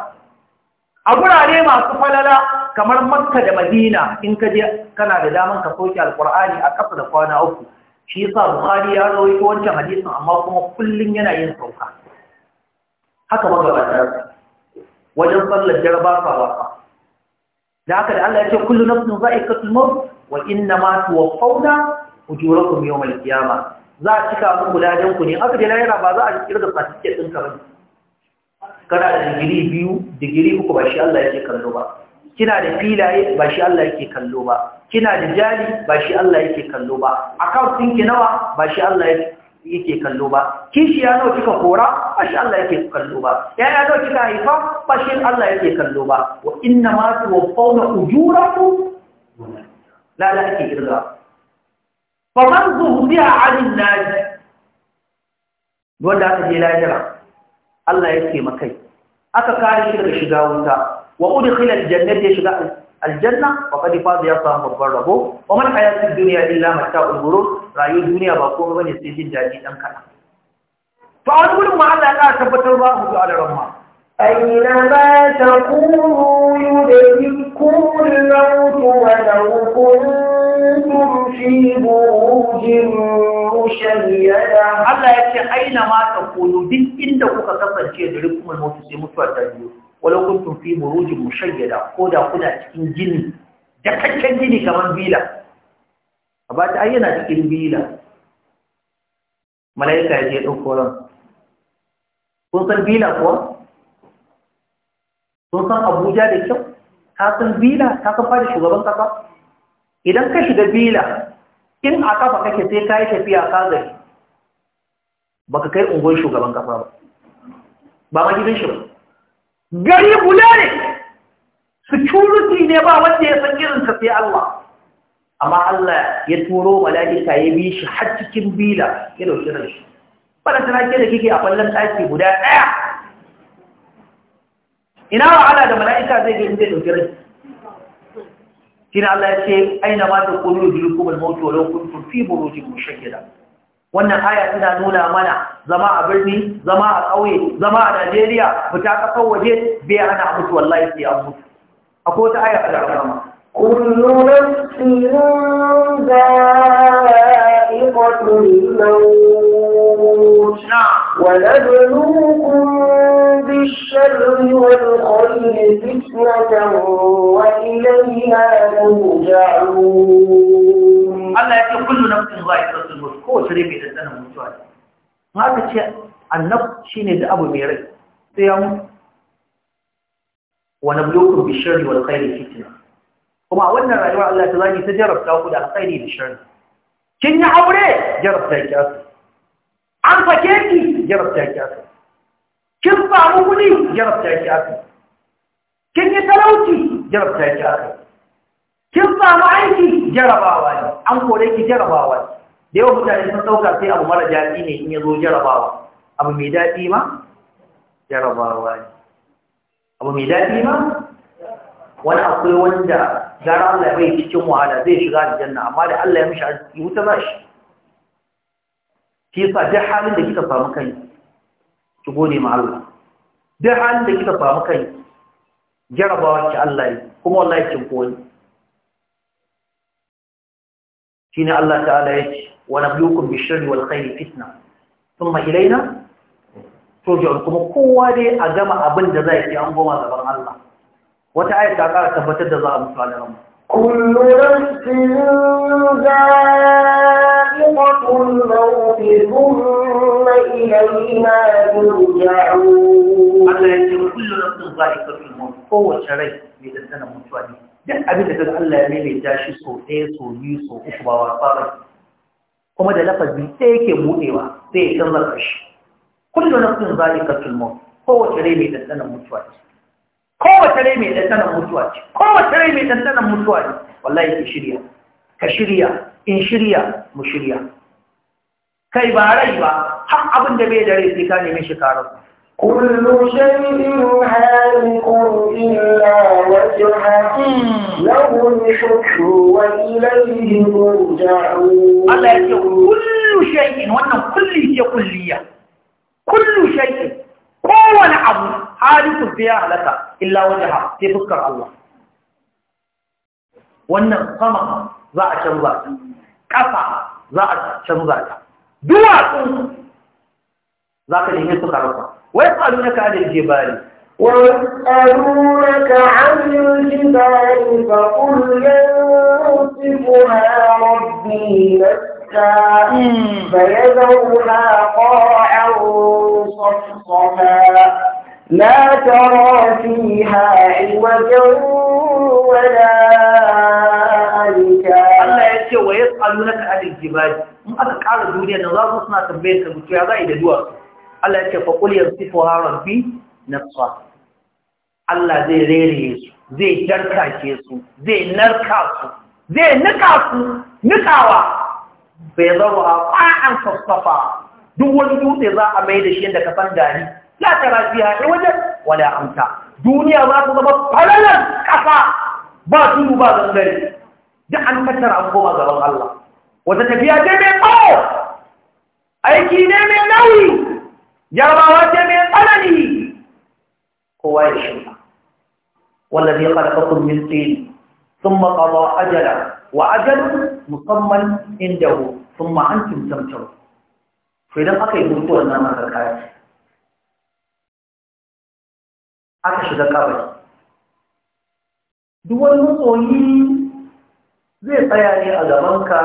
a gurare masu falala kamar makka da madina in ka je kana da daman ka sauki alkur'ani a kafa da kwana uku shi yasa bukhari ya rawaito wancan hadisin amma kuma kullum yana yin sauka haka magabata wajen sallar jaraba ba da aka da Allah ya ce kullu nafsin za'iqatul maut wa innama tuwaffawna ujurakum yawmal qiyamah za a cika muku ladan ku ne aka da lahira ba za a kirga certificate ka ba kana da digiri biyu digiri uku ba shi Allah yake kallo ba kina da filaye ba shi Allah yake kallo ba kina da jali ba shi Allah yake kallo ba account ɗinki nawa ba shi Allah yake yake kallo ba kishi ya nawa kika kora ba Allah yake kallo ba ya ya nawa kika haifa ba shi Allah yake kallo ba wa inna ma tuwaffawna ujurakum la la ake irga fa man zuhriya 'anil naji wanda aka je lahira Allah yake makai aka kare shi daga shiga wuta wa udkhila al-jannata ya shiga aljanna wa qad faza ya samu babban rabo wa man hayatu dunya illa mata'ul ghurur rayu duniya ba komai bane sai jin daɗi dan kana to a wani ma Allah ya tabbatar ba mu ga ran ma aina ba ta kuru yude bin kullu mutu wa law kuntum fi bujin mushayyada Allah yake aina ma ta kuru duk inda kuka kasance da rukumul mutu sai mutuwa ta biyo walau kuntum fi burujin mushayyada ko da kuna cikin gini da kakkan gini kamar bila a ba ta ayyana cikin bila malaika ya je ɗauko ran kun san bila kuwa Sun san abuja da kyau ka san bila ka san fara shugaban kasa idan ka shiga bila in a kafa kake sai ka yi tafiya ka gari ba ka kai ungon shugaban kasa ba ba ma gidan shi ba gari bula ne security ne ba wanda ya san irin sai Allah amma Allah ya turo mala'ika ya bi shi har cikin bila ya dauki ran shi bana tana ke da kike a fallan daki guda daya ina wa Allah da mala'ika zai ga inda dauki ran kina Allah ya ce aina ma ta qulu jilukum al-maut wa law kuntum fi burujin mushakkila wannan aya tana nuna mana zama a birni zama a ƙauye zama a Najeriya fita kasar waje bai hana mutu wallahi sai an mutu akwai wata aya a Al-Qur'ani كل نفس ذائقة الموت ونبلوكم بالشر والخير فتنة وإلينا ترجعون الله يقول كل نفس ذائقة الموت هو شريف إذا أنا متوالي هذا شيء النفس شيء ده أبو ونبلوكم بالشر والخير فتنة kuma a wannan rayuwar Allah ta zagi ta jarabta ku da alkhairi da sharri kin yi aure jarabta ki asu an fake ki jarabta ki asu kin samu kuɗi jarabta ki asu kin yi talauci jarabta ki asu kin samu aiki jarabawa ne an kore ki jarabawa ne da yawan mutane sun ɗauka sai abu mara daɗi ne in ya zo jarabawa abu mai daɗi ma jarabawa ne abu mai daɗi ma wani akwai wanda gara Allah ya bai cikin wahala zai shiga janna amma da Allah ya mishi arziki wuta ba shi shi yasa duk halin da kika samu kai ki gode ma Allah duk halin da kika samu kai jarabawa ki Allah yi kuma wallahi kin koyi shine Allah ta'ala ya ce wa nabluukum bish-sharri wal khayri fitna thumma ilayna turja'un kuma kowa dai a gama abin da zai yi an goma gaban Allah wata ayat da aka tabbatar da za a mutu alaran kullu nafsin za'iqatul maut thumma ilayna turja'un kowace rai mai ne duk abin da kaga Allah ya maimaita shi so ɗaya so biyu so uku ba wasa kuma da lafazi ɗaya yake buɗewa sai ya canza ƙarshe kullu zaɓi za'iqatul maut kowace rai mai dandana mutuwa kowace rai mai ɗanɗanan mutuwa ce kowace rai mai ɗanɗanan mutuwa ne wallahi ki shirya ka shirya in shirya mu shirya kai ba rai ba har abin da bai da rai sai ka neme shi karar كل شيء هالك إلا وجهه له الحكم وإليه ترجعون الله يقول كل شيء وأنا كل شيء كلية كل شيء kowane abu hadisun sai ya halaka illa wajaha sai fuskar Allah wannan sama za a canza ta ƙasa za a canza ta duwatsu za ka nemi suka rasa wai tsalu na ka da bari ويسألونك عن الجبال فقل ينصفها ربي نسفا فيذرها قاعا صفصفا لا ترى فيها عوجا ولا ألكا الله يأتي ويسألونك عن الجبال ما أتك على الدنيا أن الله صنع تبينك بكي هذا إلى دواء الله يأتي فقل يصفها ربي نفسها الله زي ريري يسو زي جركا يسو زي نركا زي نكا نكاوا fa yadharuha qa'an fasfafa duk wani dutse za a mai da shi yadda ka san gari la tara fiha wajen wani amta duniya za ta zama falalan ƙasa ba tudu ba gangare Da an tattara an koma gaban Allah wata tafiya ce mai tsawo aiki ne mai nauyi jarabawa ce mai tsanani kowa ya shirya wallazi khalaqakum min tin sun qada ajala wa ajalu musamman indahu sun ma'antin tamtar to idan aka yi mutuwar naman kaya ce aka shiga kabari duk wani matsoyi zai tsaya ne a ka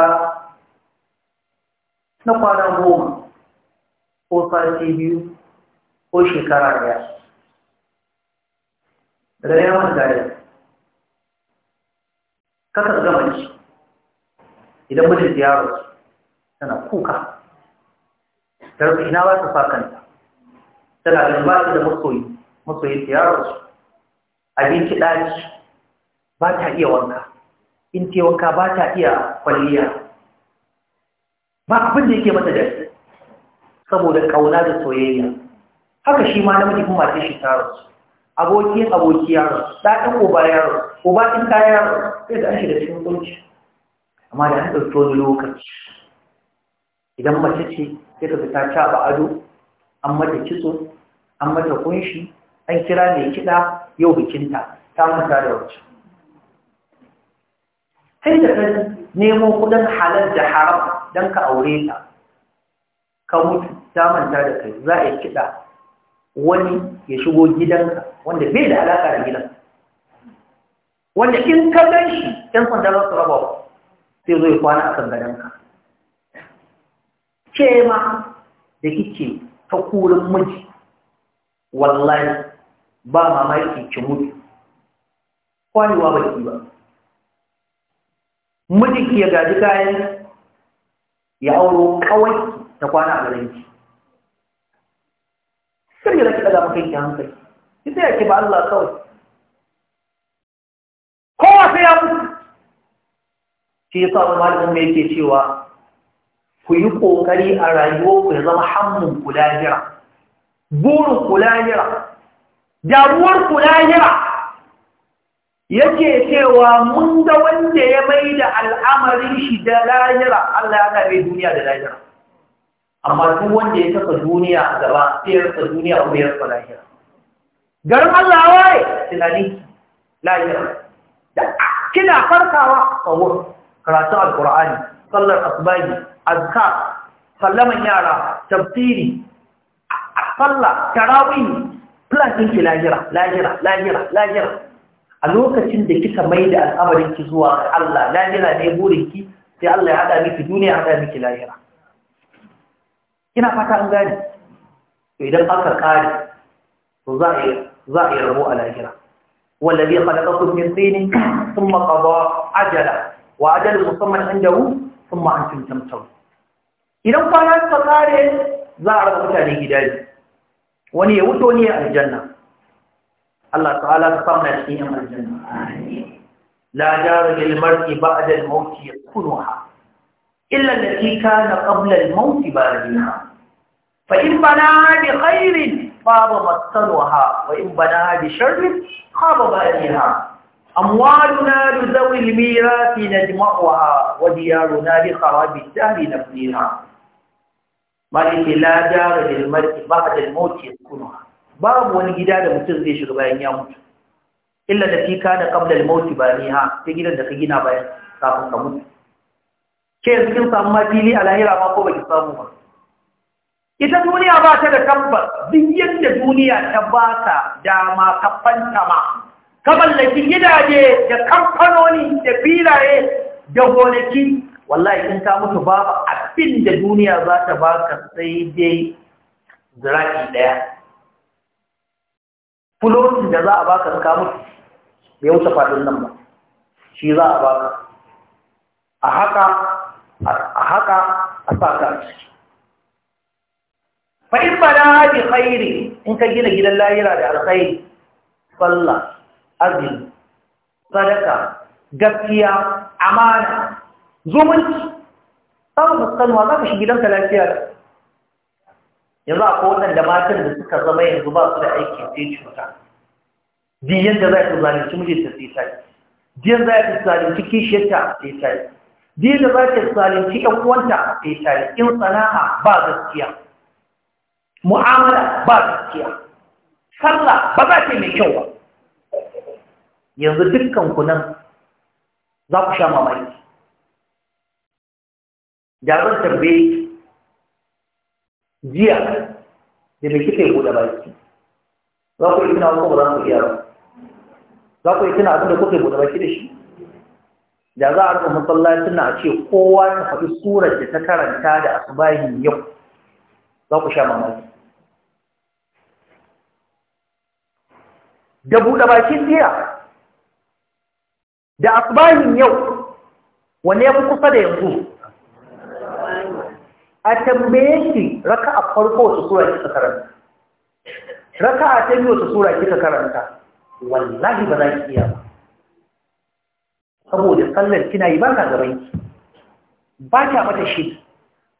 na kwana goma ko sati biyu ko shekara daya daga yawan gari kasar gama shi idan mutum ya rasu tana kuka ta rufe ina ba ta fakanta. tana da ba da masoyi masoyi ta yaro su abinci ɗaci ba ta iya wanka in ce wanka ba ta iya kwalliya ba abin da yake mata da saboda ƙauna da soyayya haka shi ma namiji kuma ta shi ta rasu aboki aboki ya rasu ɗaɗin uba yaro uba ɗin ta yaro sai da an shiga cikin kunci amma da an ɗauki wani lokaci idan mace ce sai ka ta caba ado an mata kitso an mata kunshi an kira mai kiɗa yau bikinta ta mata da wacce Sai da kan nemo kudin halal da haram don ka aure ta ka mutu ta manta da kai za a yi kiɗa wani ya shigo gidanka wanda bai da alaƙa da gidan wanda in ka gan shi ɗan sanda za su raba sai zo ya kwana a kan gadonka ke ma da kike ta kurin miji wallahi ba mamaki ki mutu kwanewa baki ba miji ki ya gaji kayan ya auro kawai ta kwana a garin ki. kar ya da daga makanki hankali ki tsaya ki ba Allah kawai kowa sai ya mutu shi yasa wani malamin mai yake cewa ku yi ƙoƙari a rayuwarku ya zama hammun ku lahira burin ku lahira damuwar ku lahira yake cewa mun da wanda ya mai da al'amarin shi da lahira Allah ya mai duniya da lahira amma duk wanda ya saka duniya a gaba sai ya rasa duniya kuma ya rasa lahira garin Allah waye tunani lahira da kina farkawa a wurin karatun alkur'ani sallar asbahi أذكى صلى من يارا تبتيري صلى تراويه بلاكين في لاجرة لاجرة لاجرة لاجرة الوقت تندي كيسا ميدا الأمرين كزوا الله لاجرة نيبوري كي في الله هذا في دوني هذا في لاجرة هنا فتا أنغاني إذا قصر قاري ظاهر ظاهر ربو لاجرة والذي خلقكم من طين ثم قضى عجلة وعجل مصمم عنده ثم أنتم تمتون idan kwana suka kare za a raba mutane gida ne wani ya wuto ne a aljanna Allah ta'ala ta samu cikin yan aljanna la jara lil mar'i ba'da al mawt yakunuha illa allati kana qabla al mawt bariha fa in bana bi khairin faba masaluha wa in bana bi sharrin khaba bariha أموالنا لذوي الميراث نجمعها وديارنا لخراب الدهر نبنيها maliki la dara lil mar'i ba'da al maut yaskunu babu wani gida da mutum zai shiga bayan ya mutu illa da fika da qabla al maut baniha ta gidan da ka gina bayan kafin ka mutu ke yanzu kin samu fili a lahira ma ko baki samu ba ita duniya ba ta da tabbas duk yadda duniya ta ba ta dama ka ma ka mallaki gidaje da kamfanoni da filaye da gonaki wallahi in ka mutu babu abin da duniya za ta baka sai dai zira'i ɗaya fulotin da za a baka in ka mutu bai wuce faɗin nan ba shi za a baka a haka a haka a sa ka ciki fa in na bi khairi in ka gina gidan lahira da alkhairi sallah azumi sadaka gaskiya amana zumunci samun fuskanwa za ka shi gidanka lafiya da yanzu akwai waɗanda matan da suka zama yanzu ba su da aiki sai cuta diyan da za ta zalunci mijinta sai ta yi za ta zalunci kishiyarta sai sai yi da za ta zalunci ƴan uwanta sai sai in sana'a ba gaskiya mu'amala ba gaskiya sallah ba za ta yi mai kyau ba yanzu dukkan ku nan za ku sha mamaki da tambe jiya da me kike buɗe baki za ku yi tuna ko ba za ku iya za ku yi tuna abin da kuke buɗe baki da shi da za a rufe masallacin a ce kowa ta faɗi surar da ta karanta da asubahin yau za ku sha mamaki da buɗe bakin jiya da asubahin yau wanne ya fi kusa da yanzu a tambaye shi raka a farko su sura kika karanta raka a tambaye su sura kika karanta wallahi ba za ki iya ba saboda sallar kina yi ba ka gaban ki ba ta mata shi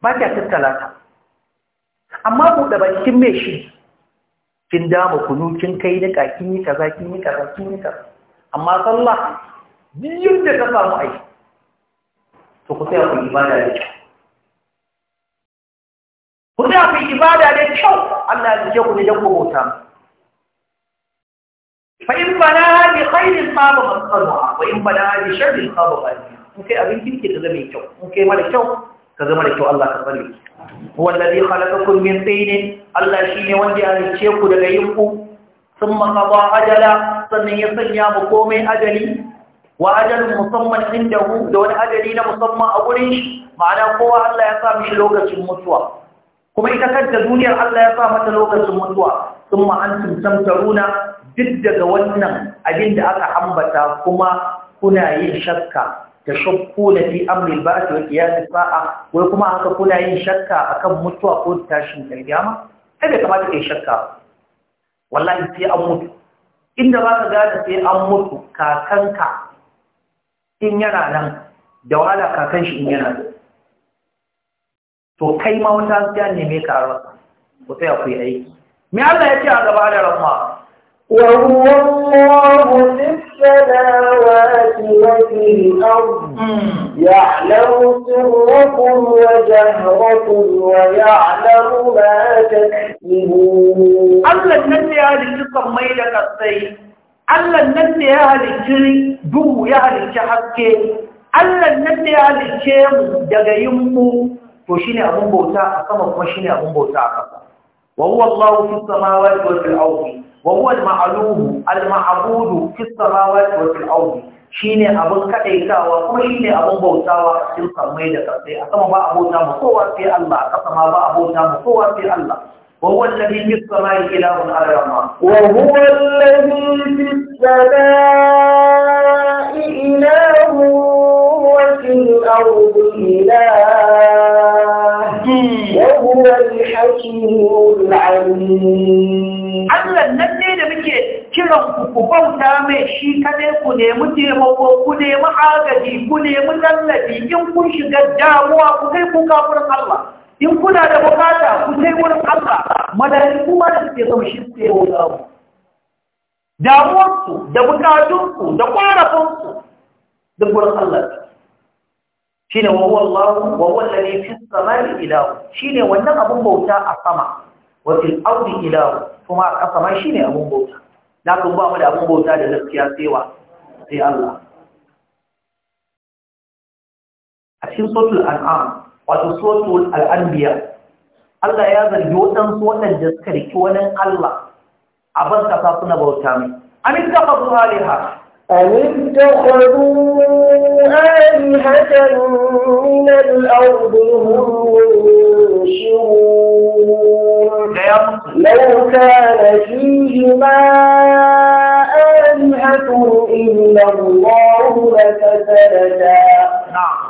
ba ta tattala ta amma da bakin mai shi kin dama kunu kin kai da kin yi kaza kin yi kaza kin yi kaza amma sallah biyun da ka samu aiki to ku sai ku ibada da kyau ku za ku ibada ne kyau Allah ya zuke ku ne don ku bauta fa in bana bi khairin qaba masqaluha wa in bana bi sharrin qaba qaliha in kai abin kirki ka zama kyau in kai mara kyau ka zama da kyau Allah ka bari huwa alladhi khalaqakum min tin Allah shi ne wanda ya halice ku daga yinku thumma qada ajala sannan ya sanya mu komai ajali wa ajalun musamman indahu da wani ajali na musamman a gurin shi ma'ana kowa Allah ya sa mishi lokacin mutuwa kuma ita kanta duniyar Allah ya sa mata lokacin mutuwa sun ma'antum samtaruna duk daga wannan abin da aka ambata kuma kuna yin shakka ta shakku na fi amril ba'ati wa qiyas sa'a wai kuma haka kuna yin shakka akan mutuwa ko tashin kiyama kai bai kamata kai shakka wallahi sai an mutu inda ba ka gane sai an mutu kakanka in yana nan da wahala kakan shi in yana nan to kai ma wata hasiya mai karuwa ku sai ku aiki mai Allah ya ce a gaba da rahma wa huwa Allahu lis-samawati hmm. ya'lamu sirrakum wa jahrakum wa ya'lamu ma taksibun Allah nan ne ya halitta mai da kasai Allah nan ne ya halitta duhu ya halitta haske Allah nan ya halitta mu daga yin to shine abun bauta a sama kuma shine abun bauta a ƙasa wa huwa Allahu fi samawati wa fil ardi wa huwa al-ma'lum al-ma'bud fi samawati wa fil ardi shine abun kadaitawa kuma shine abun bautawa a cikin samai da ƙasa a sama ba abota mu kowa sai Allah a ƙasa ma ba abota mu kowa sai Allah وهو الذي في السماء إله غير الله وهو الذي في السماء إله وفي الأرض إله وهو الحكيم العليم Allah nan ne da muke kiran ku bauta mai shi kadai ku nemi taimako ku nemi agaji ku nemi tallafi in kun shiga damuwa ku kai ku kafirin Allah in kuna da bukata ku sai wurin Allah madarin kuma da suke zama shi suke yau da abu damuwarku da bukatunku da ƙwarafinku duk wurin Allah shi ne wawo Allah wawo lalai fi samari ilahu shi ne wannan abin bauta a sama wafil auri ilahu kuma a ƙasa ma shi ne abin bauta na kan ba mu da abin bauta da gaskiya tsewa sai Allah a cikin sotul an'am wato sotul al'anbiya Allah ya zargi waɗansu waɗanda suka riki wani Allah a ban kasa suna bauta mai amin ka faɗu haliha amin ta kwaru alihatan da ya mutu lauka na fi ma ينهكم إلا الله لفسدتا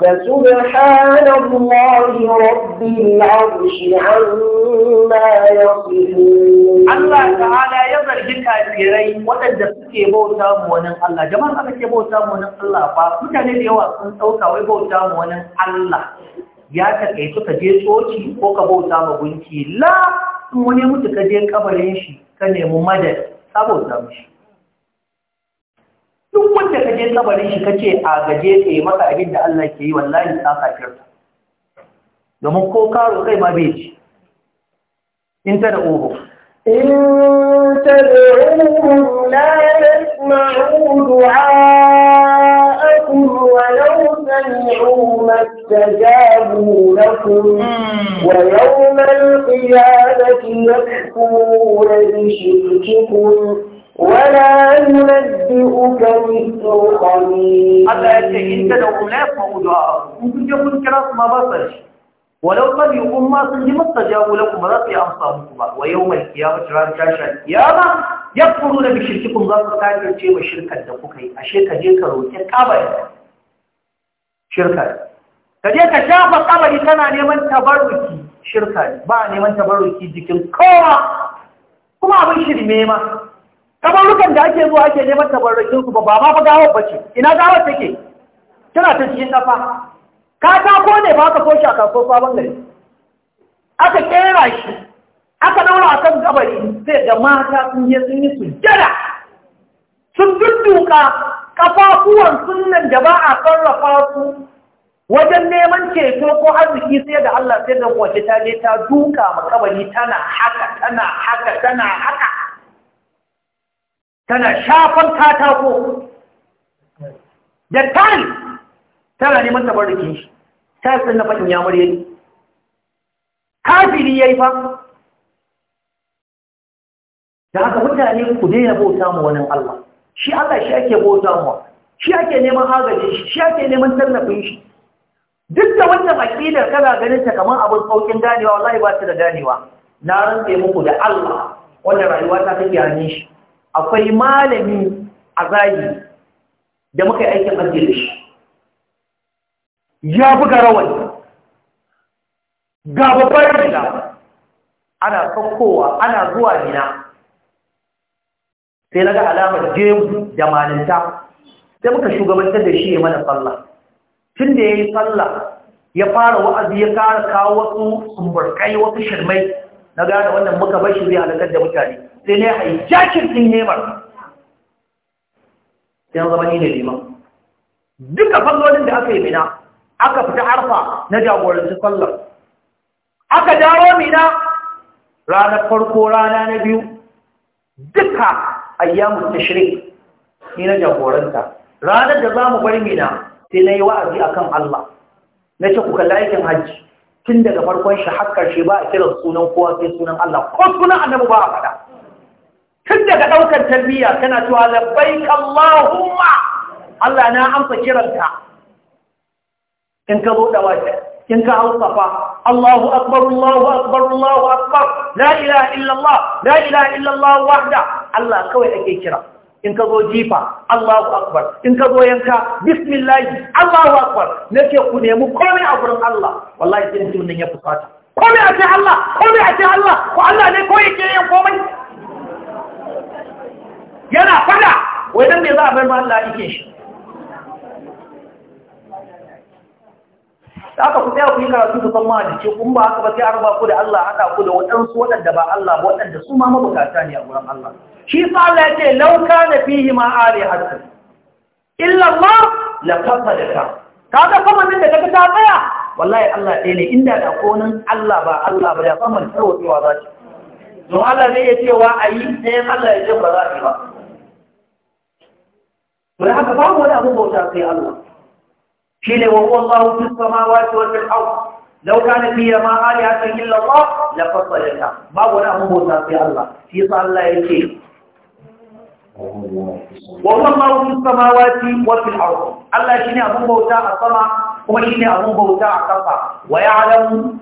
فسبحان الله رب العرش عما يصفون الله تعالى يظهر waɗanda suke bauta wani Allah jama'a bauta wani Allah mutane da yawa sun sauka wai bauta wani Allah ya takaitu ka je tsoci ko ka bauta wani mutu ka je kabarin shi ka nemi madad saboda bauta mishi duk wanda ka je kabarin shi kace a gaje ka yi maka abin da Allah ke yi wallahi ka kafirta domin ko karo kai ma bai ci in ta da oho in ta da oho la yasma'u du'a'akum wa law sami'u mastajabu lakum hmm. wa yawma al-qiyamati yakfuruna bi shirkikum Wala nuna bi ugari so kwami. Allah ya ce, Inda da kuma ya faru da in kun je kun kira su ma ba sa shi, walau ba bi ugun sun yi masa jawo na kuma za su yi amsa muku ba, wa mai kiya mace tashar kiya ba, ya furu da bishirki kun za su sake ce ma shirkar da kuka yi, ashe ka ka roƙi kaba ya shirkar. Ka shafa kamari tana neman tabaruki shirkar, ba neman tabaruki jikin kowa, kuma abin shirme ma. kabarukan da ake zuwa ake neman tabarrakin su ba ba ma fa gawar bace ina gawar take tana ta cikin kafa katako ne ba ka soshi a kasuwar sabon gari aka kera shi aka daura a kan gabari sai da mata sun je sun yi sujjada sun dudduka kafafuwan sunan da ba a sarrafa su wajen neman ceto ko arziki sai da Allah sai da wace ta je ta duka makabari tana haka tana haka tana haka tana shafan katako da tari tana neman tabar rikin shi ta yi na faɗin yamur yayi kafiri ya yi fa da haka mutane ku daina bauta mu wani Allah shi Allah shi ake bauta mu shi ake neman agajin shi shi ake neman tallafin shi duk da wannan aqidar kana ganin ta kamar abin saukin ganewa wallahi ba ta da ganewa na rantse muku da Allah wanda rayuwa ta take hannun shi akwai malami a zagi da muka yi aikin arziki da shi ya buga rawar ga babbar riga ana saukowa ana zuwa nina sai na ga alamar jemu da malinta sai muka shugabantar da shi ya mana sallah tun da ya yi sallah ya fara wa'azi ya kara kawo wasu sumbarkai wasu shirmai na gane wannan muka bashi zai halakar da mutane sai ne a jakin ɗin nemar sai an zama ne liman duka fallolin da aka yi mina aka fita harfa na jagoranci fallon aka dawo mina ranar farko rana na biyu duka ayyamu shirin ni na jagoranta ranar da zamu bar mina sai nayi wa'azi akan Allah na ku kalla aikin hajji. tun daga farkon shi har karshe ba a kiran sunan kowa sai sunan Allah ko sunan Annabi ba a faɗa tun daga ɗaukar tarbiyya kana cewa labbaik Allahumma Allah na amsa kiranka in ka zo da in ka hausafa, Allahu akbar Allahu akbar Allahu akbar la ilaha illa Allah la ilaha illa Allah wahda Allah kawai ake kira in ka zo jifa Allahu akbar in ka zo yanka bismillah Allahu akbar nake ku nemi komai a gurin Allah wallahi sai mutum nan ya fusata komai a ce Allah komai a ce Allah ko Allah ne ko yake yin komai yana fada wai dan me za a bar ma Allah yake shi haka ku tsaya ku yi karatu da san mahajice kun ba haka ba sai an ba ku da Allah haka ku da waɗansu waɗanda ba Allah ba waɗanda su ma mabukata ne a wurin Allah shi sa Allah ya ce lauka na fihi ma ali hasan illa ma la Ka ga kuma nan da kaga ta tsaya wallahi Allah ɗaya ne inda da konin Allah ba Allah ba da kuma tarwatsewa za ta don Allah zai iya cewa ayi sai Allah ya ce ba za ta ba Wani haka ba wani abin bauta sai Allah. Shi ne wa Allah hutu sama wace wata hau, lauka na fiye ma hali hakan yin lauwa da fasa ta. Ba wani abin bauta Allah. Shi sa Allah ya ce, Wa Allah hutu sama wace wata hau. Allah shi ne abin a sama kuma shi ne abin a kafa. Wa ya alamu,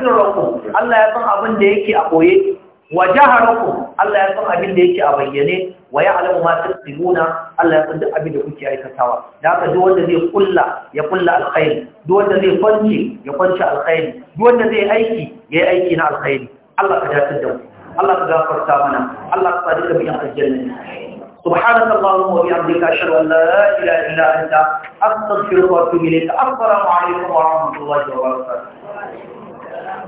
sun rauku. Allah ya san abin da yake a koye. Wa jaharaku, Allah ya san abin da yake a bayyane. wa ya'lamu ma tusiruna Allah ya san abin da kuke aikatawa da aka duk wanda zai kulla ya kulla alkhairi duk wanda zai kwance ya kwance alkhairi duk wanda zai aiki ya yi aiki na alkhairi Allah ka dace da mu Allah ka gafarta mana Allah ka sadi da mu aljanna سبحانك اللهم وبحمدك اشهد ان لا اله الا انت استغفرك واتوب اليك السلام عليكم ورحمه الله وبركاته